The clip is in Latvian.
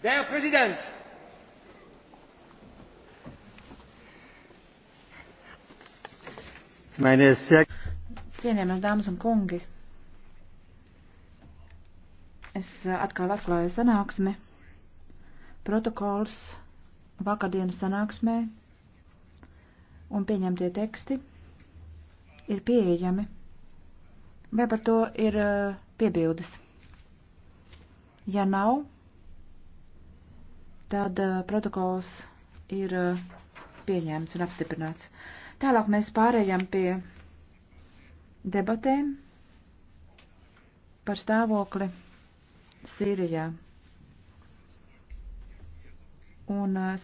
Der Präsident! Meine sehr Cienījamās dāmas un kungi, es atkal atklāju sanāksmi. Protokols vakardienas sanāksmē un pieņemtie teksti ir pieejami. Vai par to ir eh, piebildes? Ja nav, tad eh, protokols ir eh, pieņemts un apstiprināts. Tālāk mēs pārējām pie debatēm par stāvokli Sīrijā. Un eh,